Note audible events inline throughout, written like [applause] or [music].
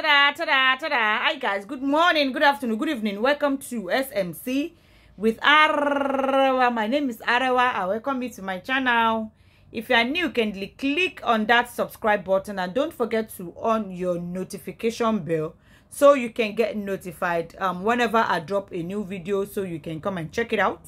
ta-da, ta-da, ta-da. Hi guys, good morning, good afternoon, good evening. Welcome to SMC with Arawa. My name is Arawa. I welcome you to my channel. If you are new, kindly click on that subscribe button and don't forget to on your notification bell so you can get notified um, whenever I drop a new video so you can come and check it out.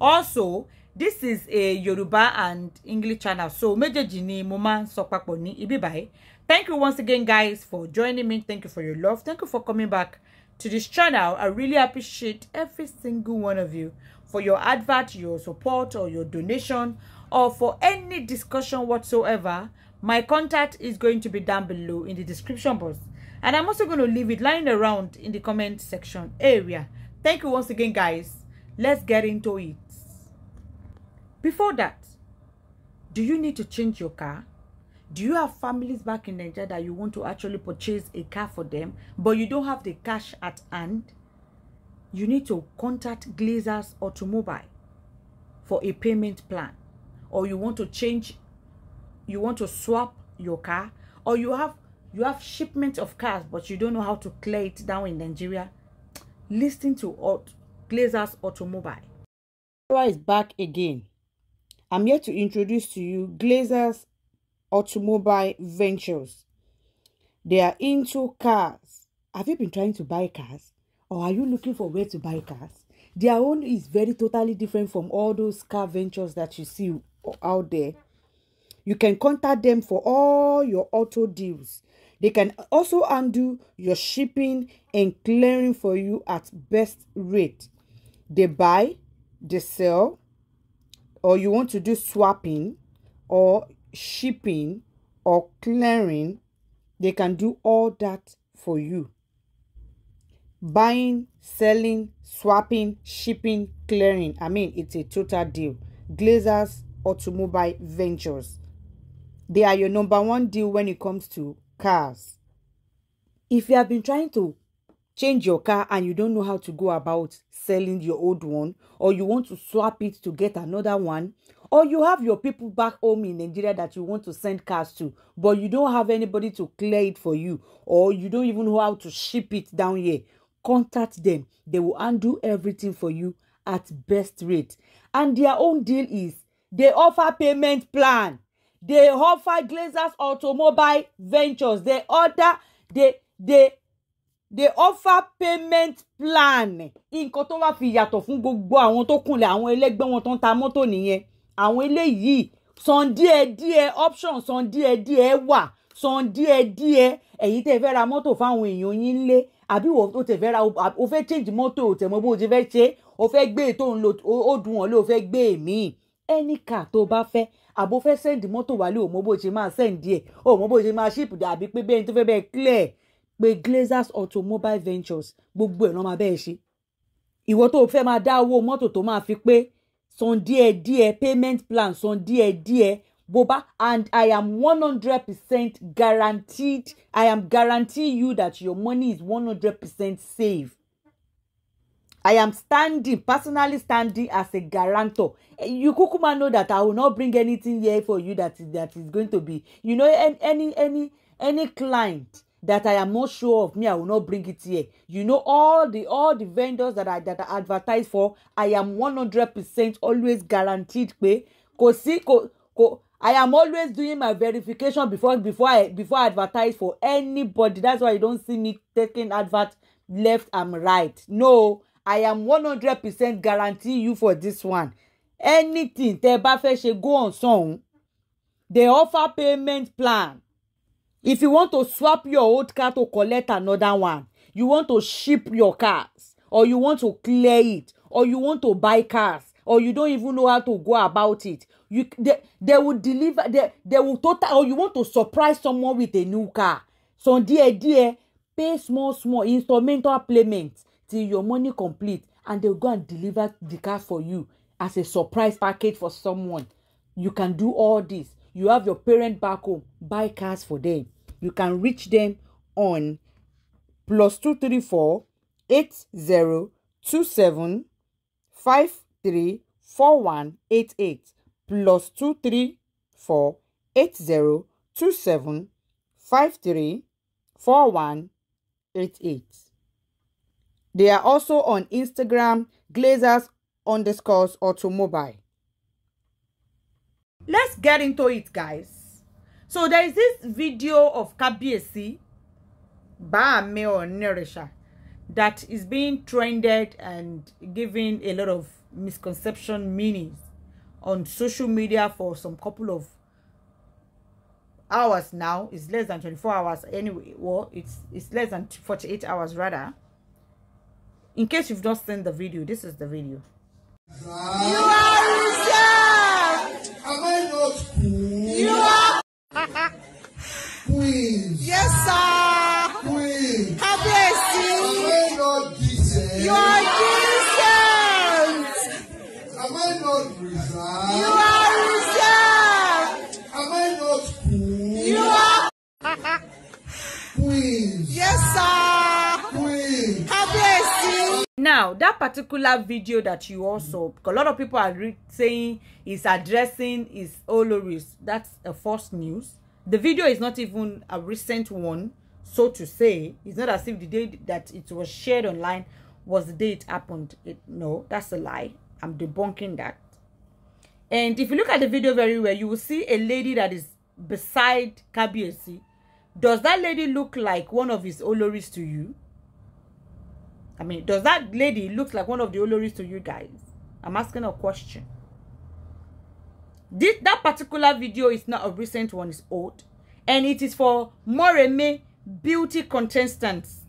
Also, this is a Yoruba and English channel. So, méjèèjì jini mo máa ń ibí báyìí. Thank you once again, guys, for joining me. Thank you for your love. Thank you for coming back to this channel. I really appreciate every single one of you for your advert, your support, or your donation, or for any discussion whatsoever. My contact is going to be down below in the description box. And I'm also going to leave it lying around in the comment section area. Thank you once again, guys. Let's get into it. Before that, do you need to change your car? do you have families back in Nigeria that you want to actually purchase a car for them, but you don't have the cash at hand? You need to contact Glazers Automobile for a payment plan. Or you want to change, you want to swap your car, or you have you have shipment of cars, but you don't know how to clear it down in Nigeria. Listen to Aut Glazers Automobile. Laura is back again. I'm here to introduce to you Glazers Automobile Ventures. They are into cars. Have you been trying to buy cars? Or are you looking for where to buy cars? Their own is very totally different from all those car ventures that you see out there. You can contact them for all your auto deals. They can also undo your shipping and clearing for you at best rate. They buy, they sell, or you want to do swapping, or shipping or clearing, they can do all that for you. Buying, selling, swapping, shipping, clearing. I mean, it's a total deal. Glazers Automobile Ventures. They are your number one deal when it comes to cars. If you have been trying to change your car and you don't know how to go about selling your old one or you want to swap it to get another one or you have your people back home in Nigeria that you want to send cars to, but you don't have anybody to clear it for you, or you don't even know how to ship it down here, contact them. They will undo everything for you at best rate. And their own deal is they offer payment plan. They offer Glazers Automobile Ventures. They order, they, they, they offer payment plan. in tó Fiyato, fi yàtọ̀ fún gbogbo àwọn tó kúnlẹ̀ àwọn ẹlẹ́gbẹ́ àwọn eléyìí san díẹ̀díẹ̀ option san díẹ̀díẹ̀ wà san díẹ̀díẹ̀ ẹ̀yin tẹ́ fẹ́ ra mọ́tò fáwọn èèyàn yín lé àbí wò ó tẹ́ fẹ́ ra o fẹ́ change mọ́tò o tẹ́ mọ̀ bó o ti fẹ́ ṣe o fẹ́ gbé ètò e òun lo ó dùn wọn lé o fẹ́ gbé èmi ẹnì kà tó bá fẹ́ àbò fẹ́ send mọ́tò wálé o mọ̀ bó o ṣe máa send ẹ̀ o mọ̀ bó o ṣe máa ship àbí pé bẹ́ẹ̀ ni tó fẹ́ bẹ́ẹ̀ clear pé Glazers Automobile Ventures gbogbo ẹ̀ lọ́ máa bẹ́ẹ̀ ṣe ìwọ tó fẹ́ máa dá owó mọ́tò tó máa fi pé Some dear dear payment plan Some dear dear, Boba and I am one hundred percent guaranteed I am guaranteeing you that your money is one hundred percent safe. I am standing personally standing as a guarantor. You kukuma know that I will not bring anything here for you that is that is going to be you know any any any client that I am not sure of me, I will not bring it here. You know, all the all the vendors that I that I advertise for, I am 100% always guaranteed pé Cause sí kò kò I am always doing my verification before before I before I advertise for anybody. That's why you don't see me taking advert left and right. No, I am 100% guarantee you for this one. Anything they bá fẹ́ ṣe go on song, they offer payment plan. If you want to swap your old car to collect another one, you want to ship your cars, or you want to clear it, or you want to buy cars, or you don't even know how to go about it, you they, they will deliver they, they will total or you want to surprise someone with a new car. So dear dear, pay small small instrumental payment till your money complete, and they'll go and deliver the car for you as a surprise package for someone. You can do all this you have your parent back home buy cars for them you can reach them on plus two three four eight zero two seven five three four one eight eight plus two three four eight zero two seven five three four one eight eight. They are also on Instagram, Glazers underscores automobile. let's get into it guys so there is this video of Kabiesi Baame or Neresha that is being trended and giving a lot of misconception meanings on social media for some couple of hours now it's less than 24 hours anyway well it's it's less than 48 hours rather in case you've not seen the video this is the video Am I not cool? You are. Please. Yes, sir. that particular video that you also a lot of people are saying is addressing is Oloris. That's a false news. The video is not even a recent one, so to say. It's not as if the day that it was shared online was the day it happened. It, no, that's a lie. I'm debunking that. And if you look at the video very well, you will see a lady that is beside Kabiesi. Does that lady look like one of his Oloris to you? I mean, does that lady look like one of the Oloris to you guys? I'm asking a question. This, that particular video is not a recent one, it's old. And it is for Moreme beauty contestants.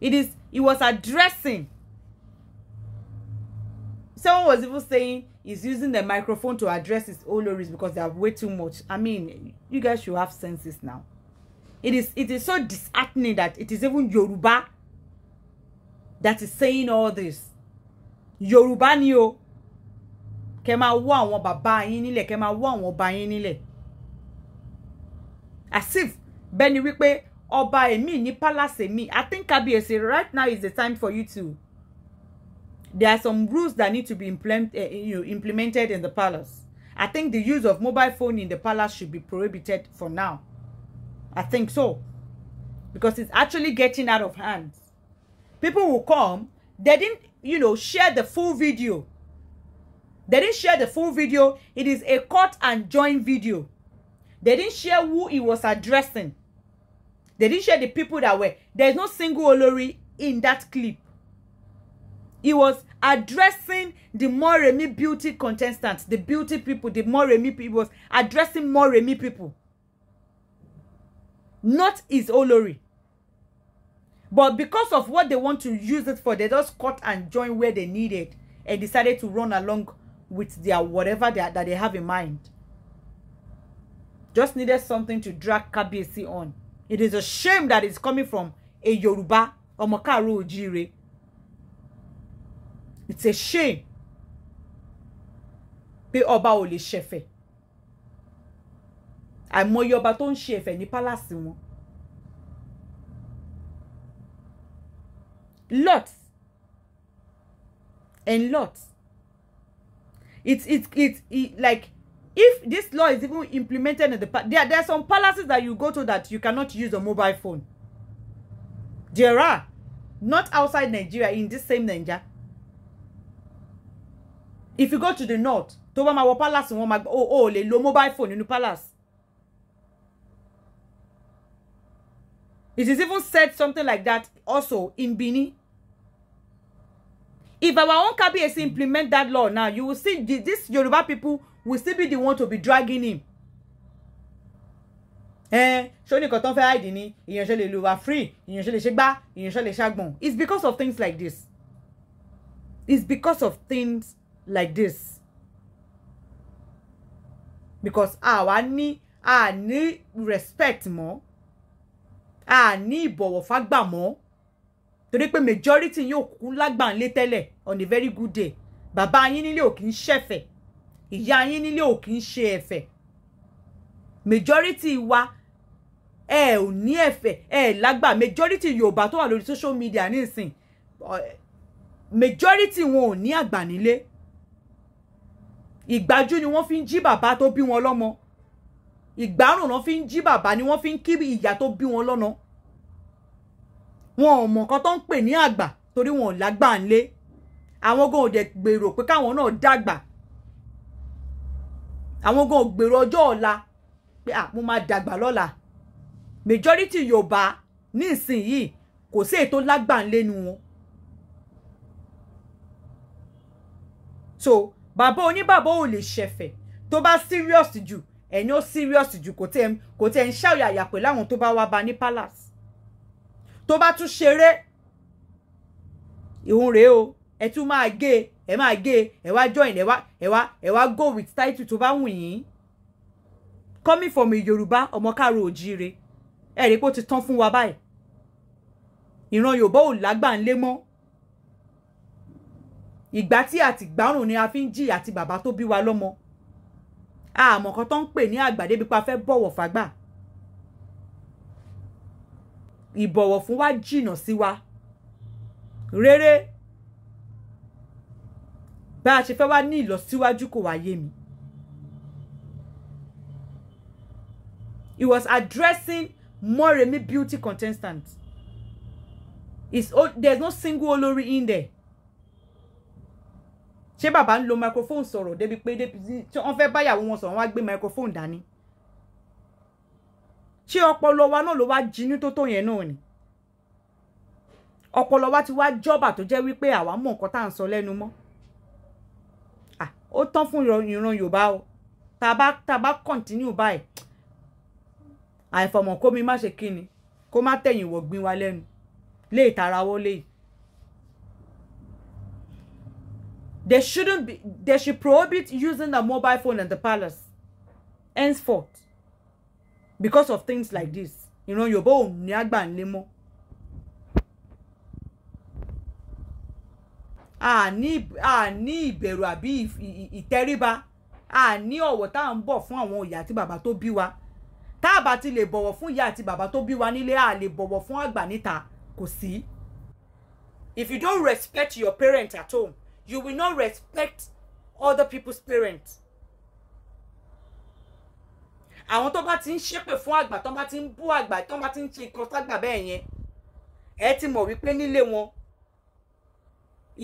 It is, it was addressing. Someone was even saying he's using the microphone to address his Oloris because they have way too much. I mean, you guys should have senses now. It is, it is so disheartening that it is even Yoruba that is saying all this yorùbá ni o kẹ máa wọ àwọn bàbá yín nílẹ̀ kẹ máa wọ àwọn ọba yín nílẹ̀ asif bẹ́ni wípé ọba èmi ní palace èmi i think kábíyèsí right now is the time for you to there are some rules that need to be implement, eh, eh, you implemented in the palace i think the use of mobile phone in the palace should be prohibited for now i think so because it's actually getting out of hand people will come. They didn't, you know, share the full video. They didn't share the full video. It is a cut and join video. They didn't share who he was addressing. They didn't share the people that were. There's no single Olori in that clip. He was addressing the Moremi beauty contestants, the beauty people, the Moremi people. He was addressing Moremi people. Not his Olori. But because of what they want to use it for, they just cut and join where they need it, and decided to run along with their whatever they, that they have in mind. Just needed something to drag KBC on. It is a shame that it's coming from a Yoruba, or káàárọ̀ oòjíire. It's a shame. Pe Oba ò lè ṣẹ̀fẹ̀ àìmọye ọba tó ń ṣe ẹ̀fẹ̀ lots and lots it's it's it's it like if this law is even implemented in the there, there are some palaces that you go to that you cannot use a mobile phone there are not outside Nigeria in this same Nigeria if you go to the north tó bá máa palace wọn máa o ò lè mobile phone in the palace it is even said something like that also in Benin If our own Kabiyesi implement that law now, you will see this Yoruba people will still be the one to be dragging him. Eh, ṣó ní nǹkan tán fẹ́ hide ni, ìyànṣẹ́ lè lu wa free, ìyànṣẹ́ lè ṣe gbá, ìyànṣẹ́ lè ṣàgbọ̀n. It's because of things like this. It's because of things like this. Because àwa ní ah, ní respect mọ́, a ní ìbọ̀wọ̀ fágbà mọ́ torí pé majority yín òkùnkùn lágbàǹlé tẹ́lẹ̀ on a very good day bàbá yín nílé ò kì í ṣẹ̀fẹ̀ ìyá yín nílé ò kì í ṣe ẹ̀fẹ̀ majority wa ẹ ò ní ẹ̀fẹ̀ ẹ lágbà majority Yorùbá tó wà lórí social media nísìn majority wọn ò ní àgbà nílé ìgbájú ni wọ́n fi ń jí bàbá tó bí wọn lọ́mọ ìgbárùn náà fi ń jí bàbá ni wọ́n fi ń kí ìyá tó bí wọn lọ́nà wọn ò mọ̀ nǹkan tó ń pè ní àgbà torí wọn ò lágbà ń lé àwọn gan ò dẹ̀ gbèrò pé káwọn náà dàgbà àwọn gan ò gbèrò ọjọ́ ọ̀la pé à mo máa dàgbà lọ́la majority Yorùbá ní ìsinyìí kò sí èyí tó lágbà ń wọn. so bàbá oníbàbá ò lè ṣẹ̀fẹ̀ tó bá serious jù ẹ̀yin ó serious jù kò tẹ̀ ń ṣàyàyà pẹ̀lú àwọn tó bá wá bá ní palace tó bá tún ṣeré ìhun rèé o ẹ tún máa gé ẹ máa gé ẹ wá join ẹ wá ẹ wá ẹ wá go with title tó bá wù yín coming from Yorùbá ọmọ káàró òjíire ẹ rí i pé ó ti tán fún wa báyìí ìran Yorùbá ò lágbà ń lé mọ́ ìgbà tí àti gbárùn ni a fi ń jì àti bàbá tó bí wa lọ́mọ àmọ̀kan tó ń pè ní àgbà fẹ́ bọ̀wọ̀ fàgbà ìbọ̀wọ̀ fún wa jìnnà sí wa rere bá a ṣe fẹ́ wá ní ìlọsíwájú kò wá yé mi. He was addressing Moremi beauty contestants. Is oh, there's no single olórí in there. ṣé bàbá ń lo microphone sọ̀rọ̀ débi pé débi tí wọ́n fẹ́ báyàwó wọn sọ̀rọ̀ wọ́n á gbé microphone dání ṣé ọpọlọ wa náà ló wá jinú tó tó yẹn náà ni ọpọlọ wa ti wá jọba tó jẹ́ wípé àwa mọ̀ nǹkan tá à ń sọ lẹ́nu mọ́ ó tán fún ìran Yorùbá o tá a bá tá a bá kọ́ntínú báyìí àìfọ̀mọ̀ kó mi má ṣe kí ni kó má tẹ̀yìn wọ̀gbìn wa lẹ́nu lè tara wọlé yìí They shouldn't be, they should prohibit using the mobile phone in the palace. Henceforth because of things like this you know, ò ní àgbà ńlẹ̀ mọ́. a ní ìbẹ̀rù àbí ìtẹríba a ní ọ̀wọ̀ tá à ń bọ̀ fún àwọn ìyá àti bàbá tó bí wa tá a bá ti lè bọ̀wọ̀ fún ìyá àti bàbá tó bí wa nílé a lè bọ̀wọ̀ fún àgbà níta kò sí. If you don't respect your parents at home you will not respect other people's parents àwọn tó bá ti ń ṣépè fún àgbà tó bá ti ń bú àgbà tó bá ti ń ṣe nǹkan ságbà bẹ́ẹ̀ yẹn ẹ ti mọ̀ wípé nílé wọn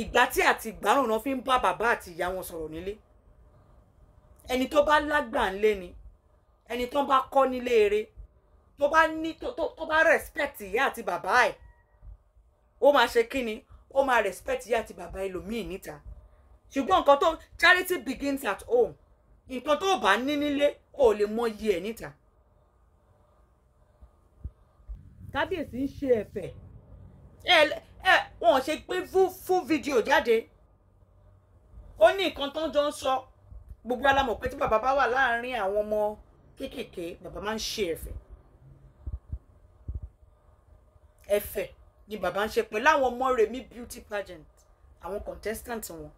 ìgbà tí àti ìgbárùn náà fi ń bá bàbá àti ìyá wọn sọ̀rọ̀ nílé ẹni tó bá lágbà ńlé ni ẹni tó bá kọ́ nílé eré tó bá ní tó bá respect ìyá àti bàbá ẹ̀ ó máa ṣe kí ni ó máa respect ìyá àti bàbá ẹlòmíì níta ṣùgbọ́n nǹkan tó charity begins at home nǹkan tó bá ní nílé o ò lè mọyì ẹ̀ níta. kábíyèsí ń ṣe ẹ̀fẹ̀. ẹ ẹ wọn ò ṣe pé fún fídíò jáde ó ní nǹkan tó ń jọ ń sọ gbogbo alamọ̀ pé tí bàbá bá wà láàárín àwọn ọmọ kéékèèké bàbá máa ń ṣe ẹ̀fẹ̀ ẹ̀fẹ̀ ni bàbá ń ṣe pẹ̀lú àwọn ọmọ Rẹ̀mí beauty pageant àwọn contestant wọn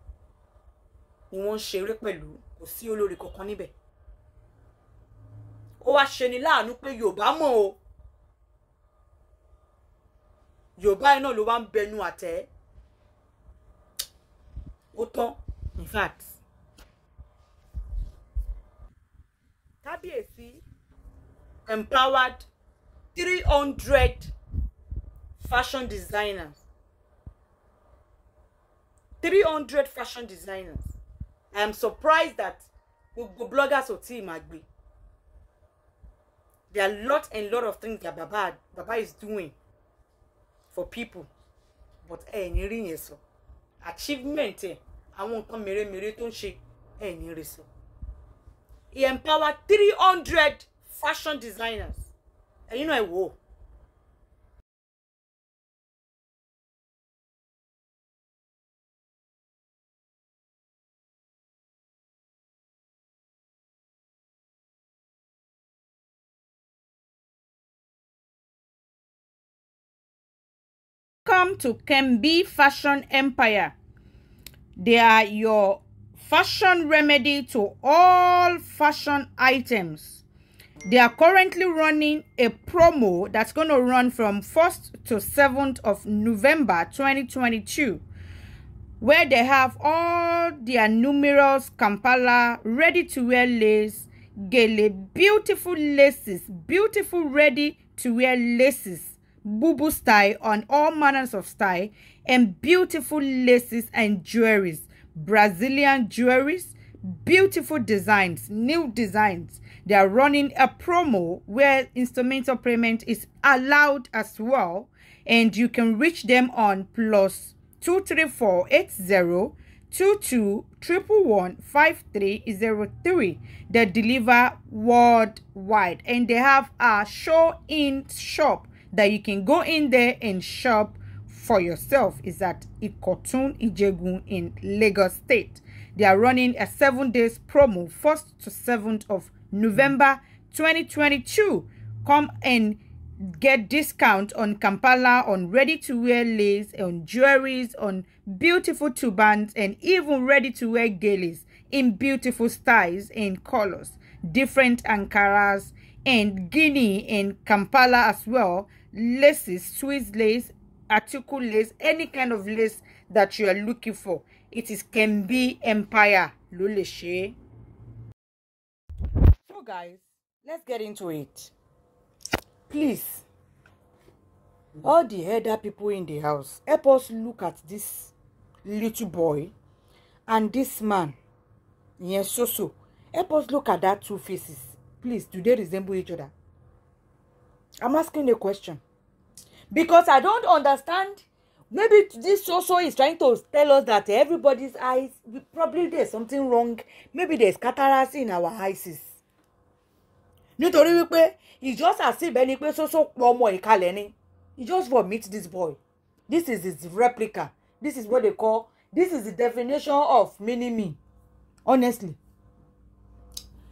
ni wọ́n ń ṣeré pẹ̀lú kò sí olórí kankan níbẹ̀ ó wá ṣe ni láàánú pé yorùbá mọ̀ o yorùbá yẹn náà ló wá ń bẹnu àtẹ́ ó tán in fact. kábíyèsí empowered three hundred fashion designers three hundred fashion designers i am surprised that gbogbo bloggers ò tí ì máa gbé there are lot and lot of things that baba baba is doing for people but ẹ̀yin eh, rí yẹn sọ achievement ẹ̀ eh, àwọn nǹkan mèremère tó ń ṣe ẹ̀yin eh, rí sọ he empowered three hundred fashion designers ẹ̀yin náà ẹ̀ wò ó. Welcome to Kembi Fashion Empire. They are your fashion remedy to all fashion items. They are currently running a promo that's going to run from 1st to 7th of November 2022 where they have all their numerous Kampala ready-to-wear lace, gele, beautiful laces, beautiful ready-to-wear laces Bubu style on all manners of style and beautiful laces and jewelries, Brazilian jewelries, beautiful designs, new designs. They are running a promo where instrumental payment is allowed as well. And you can reach them on plus 23480 They deliver worldwide and they have a show in shop that you can go in there and shop for yourself is at Ikotun Ijegun in Lagos State. They are running a seven days promo, 1st to 7th of November 2022. Come and get discount on Kampala, on ready-to-wear lace, on jewelries, on beautiful turbans, and even ready-to-wear gillies in beautiful styles and colors, different Ankaras and Guinea and Kampala as well laces swiss lace article lace any kind of lace that you are looking for it is Kembe Empire ló lè so guys let's get into it please all the other people in the house help us look at this little boy and this man Yes, so so. help us look at that two faces please do they resemble each other I'm asking a question because I don't understand. Maybe this also is trying to tell us that everybody's eyes probably there's something wrong. Maybe there's cataracts in our eyes. Nítorí wípé He just has seen ẹni So so pọ̀ ọmọ ìkalẹ̀ ni. just vomit this boy. This is his replica. This is what they call this is the definition of mini me. Honestly.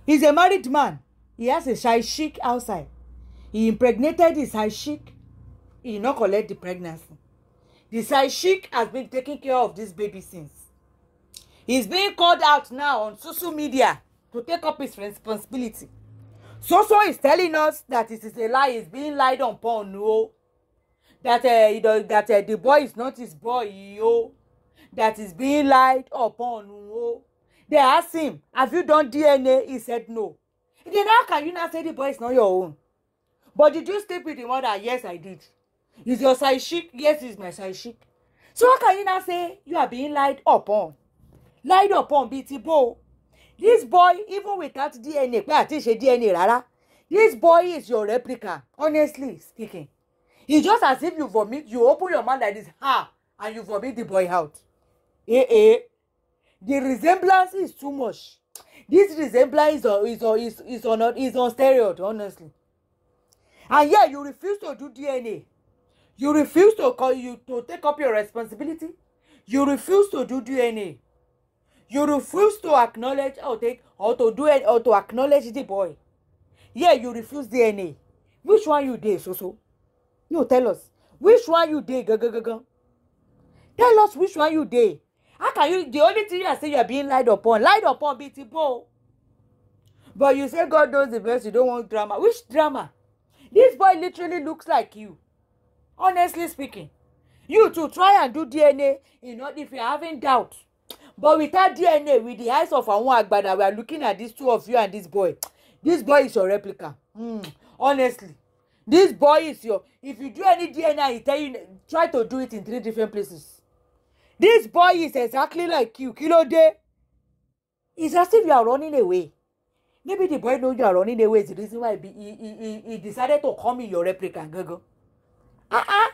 He's a married man. He has a shy chic outside. He impregnated the side chick. He did collect the pregnancy. The side chick has been taking care of this baby since. He's being called out now on social media to take up his responsibility. So so is telling us that it is a lie, he's being lied upon, no. That uh, you know, that uh, the boy is not his boy, yo. That is being lied upon, no. They asked him, have you done DNA? He said no. Then how can you not say the boy is not your own? but did you sleep with the mother yes i did is your side chic yes is my side chic so how can you now say you are being lied upon lied upon bíi ti this boy even without dna pé àti ṣe dna rárá this boy is your replica honestly speaking it's just as if you vomit you open your mouth like this ha and you vomit the boy out eh eh the resemblance is too much this resemblance is is, is is, is on is on steroid honestly and yet you refuse to do DNA you refuse to call you to take up your responsibility you refuse to do DNA you refuse to acknowledge or take or to do it or to acknowledge the boy yeah you refuse DNA which one you did, so so no tell us which one you did. Go go go. tell us which one you did. how can you the only thing you are say you are being lied upon lied upon beautiful. but you say God knows the best you don't want drama which drama this boy literally looks like you honestly speaking you to try and do DNA you know if you're having doubt but without DNA with the eyes of àwọn agbada we are looking at these two of you and this boy this boy is your replica mm, honestly this boy is your if you do any DNA he tell you try to do it in three different places this boy is exactly like you Kilo Day. dé it's as if you are running away maybe the boy no your running away is the reason why he he he, he decided to call me your replicant gangan ah ah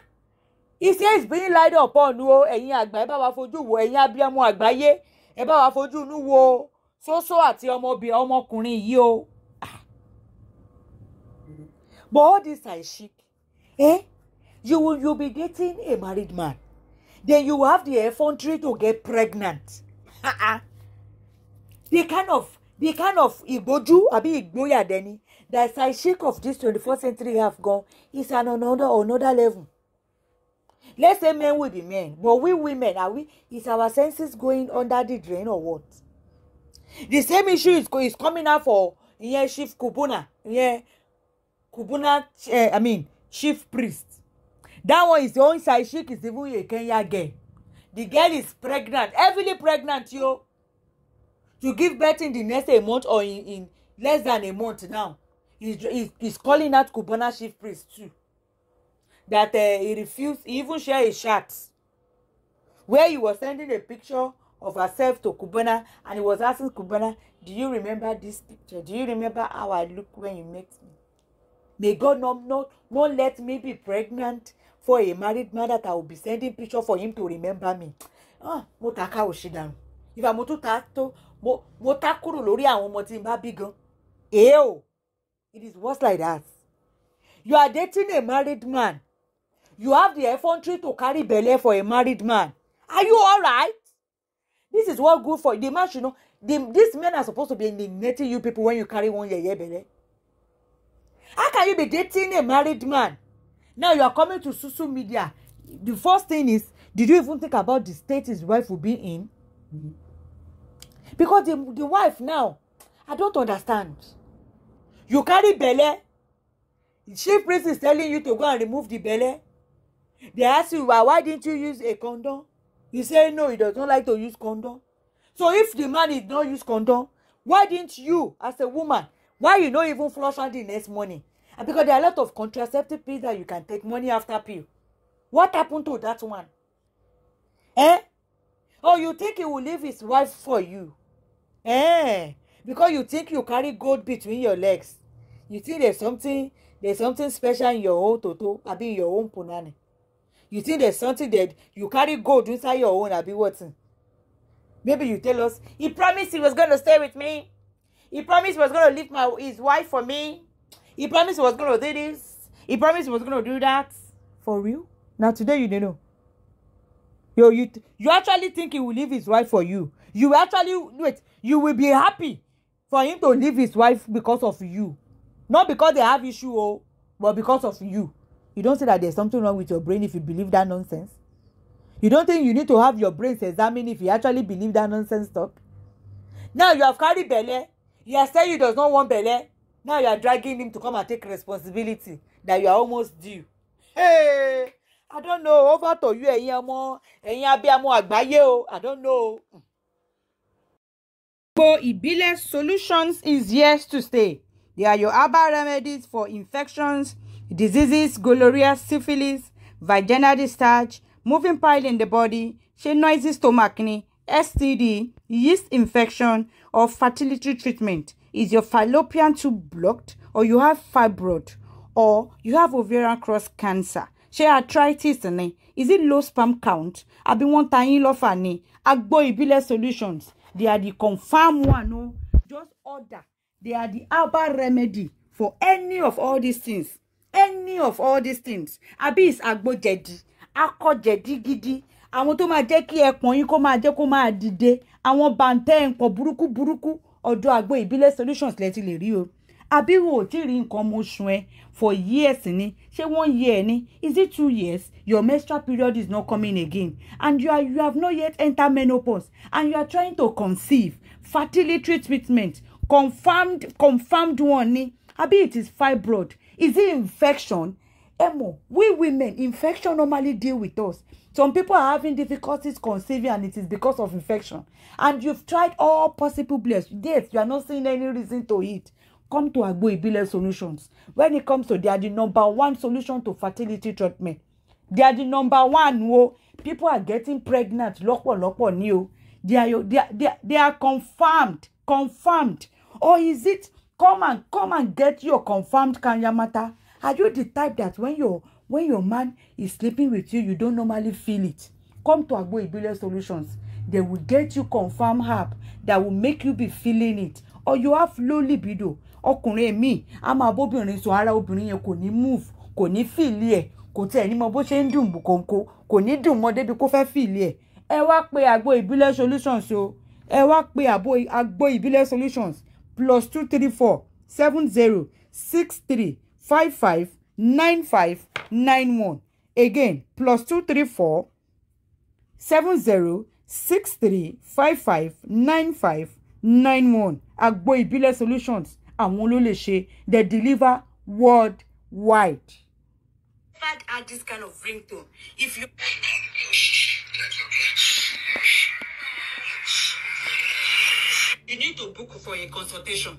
he says it's being lied upon o oh, ẹ̀yin àgbà ẹ bá wa fojú wo ẹ̀yin abiyamọ àgbáyé ẹ bá wa fojú inú wo sósó àti ọmọbìnrin ọmọkùnrin yìí o oh. ah. but all this are chic eh you will you be dating a married man then you have the effrontery to get pregnant [laughs] the kind of The kind of igboju, àbí ìgbóyà dẹni that is i shake of this twenty-first century half gan is an another another level let's say men will be men but we women are we is our senses going under the drain or what the same issue is, is coming out for yeah, chief kubuna yeah, kubuna uh, i mean chief priest that one is the only side chic is even a kenya girl the girl is pregnant heavily pregnant yo to give birth in the next a month or in in less than a month now he's he's, he's calling out Kubana chief priest too that uh, he refused he even share his chat where he was sending a picture of herself to Kubana, and he was asking Kubana, do you remember this picture do you remember how I look when you met me may God not not not let me be pregnant for a married man that I will be sending picture for him to remember me ah mo ta ká òṣìdàrú ìfàmótó ta tó mo mo tá kúrò lórí àwọn ọmọ tí n bá bí gan èé o it is worse like that you are dating a married man you have the effrontery to carry belle for a married man are you alright this is what good for the man You know the these men are supposed to be neglecting you people when you carry one yeye belle how can you be dating a married man now you are coming to Susu media the first thing is did you even think about the state his wife will be in. Mm-hmm because the, the wife now i don't understand you carry belle chief priest is telling you to go and remove the belle they ask you why why didn't you use a condom you say no he doesn't like to use condom so if the man is not use condom why didn't you as a woman why you no even flush am the next morning and because there are a lot of contraceptive pills that you can take money after pill what happened to that one eh oh you think he will leave his wife for you eh, because you think you carry gold between your legs you think there's something there's something special in your own toto abi in your own punani you think there's something that you carry gold inside your own abi what maybe you tell us he promised he was gonna stay with me he promised he was gonna leave my his wife for me he promised he was gonna do this he promised he was gonna do that for real Now today you dey know yo you you actually think he will leave his wife for you you actually wait you will be happy for him to leave his wife because of you not because they have issue oh, but because of you you don't say that there's something wrong with your brain if you believe that nonsense you don't think you need to have your brain examined if you actually believe that nonsense talk now you have carried belle you are said you does not want belle now you are dragging him to come and take responsibility that you are almost due hey i don't know over to you ẹ̀yin ọmọ ẹ̀yin abiyamọ àgbáyé o i don't know. Mm. Igbo Ibile Solutions is yes to stay. They are your herbal remedies for infections, diseases, gonorrhea, syphilis, vaginal discharge, moving pile in the body, ṣé noisy stomach ni, STD, yeast infection, or fertility treatment. Is your fallopian tube blocked, or you have fibroid, or you have ovarian cross cancer? ṣé arthritis ni? Is it low sperm count? Àbí wọ́n ta yín lọ́fà ni? Agbo Ibile Solutions. They are the confirm one. No, just order. They are the herbal remedy for any of all these things. Any of all these things. Abi is agbo jedi, akọ jedi gidi. Àwọn tó máa jẹ́ kí ẹpọ̀n yín kó máa jẹ́ kó máa dìde. Àwọn bàǹtẹ́ nǹkan burúkú burúkú ọ̀dọ̀ àgbo ìbílẹ̀ solutions lẹ ti lè rí o àbí o ò tí ì rí nǹkan ọmọ oṣù ẹ for years ni ṣé one year ni is it two years your menstrual period is not coming again and you, are, you have not yet entered menopause and you are trying to conceive fertility treatment confirmed confirmed one ni àbí it is fibroid is it infection Emo, we women infection normally deal with us some people are having difficulties conceiving and it is because of infection and you've tried all possible bless yes you are not seeing any reason to it come to Agbo Ibile Solutions. When it comes to, they are the number one solution to fertility treatment. They are the number one. Oh, people are getting pregnant. Lọ́pọ̀ lọ́pọ̀ new. They are, they are, they are, they are confirmed. Confirmed. Or is it come and come and get your confirmed kanyamata? Are you the type that when your when your man is sleeping with you, you don't normally feel it? Come to Agbo Ibile Solutions. They will get you confirmed herb that will make you be feeling it or you have low libido ọkùnrin míì a máa bóbìnrin sùn ara obìnrin yẹn kò ní move kò ní fìlì ẹ̀ kò tiẹ̀ ní mọ bó ṣe ń dùn bùkọ̀ǹkọ̀ kò ní dùn mọ́ débi kó fẹ́ fìlì ẹ̀ ẹ wá pe àgbo ìbílẹ̀ solutions o ẹ wá pe àgbo ìbílẹ̀ solutions plus two three four seven zero six three five five nine five nine one again plus two three four seven zero six three five five nine five nine one agbo ìbílẹ̀ solutions àwọn ló lè ṣe they deliver worldwide. I've had this kind of ringtone if you. you need to book for a consultation.